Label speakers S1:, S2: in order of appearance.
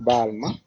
S1: baal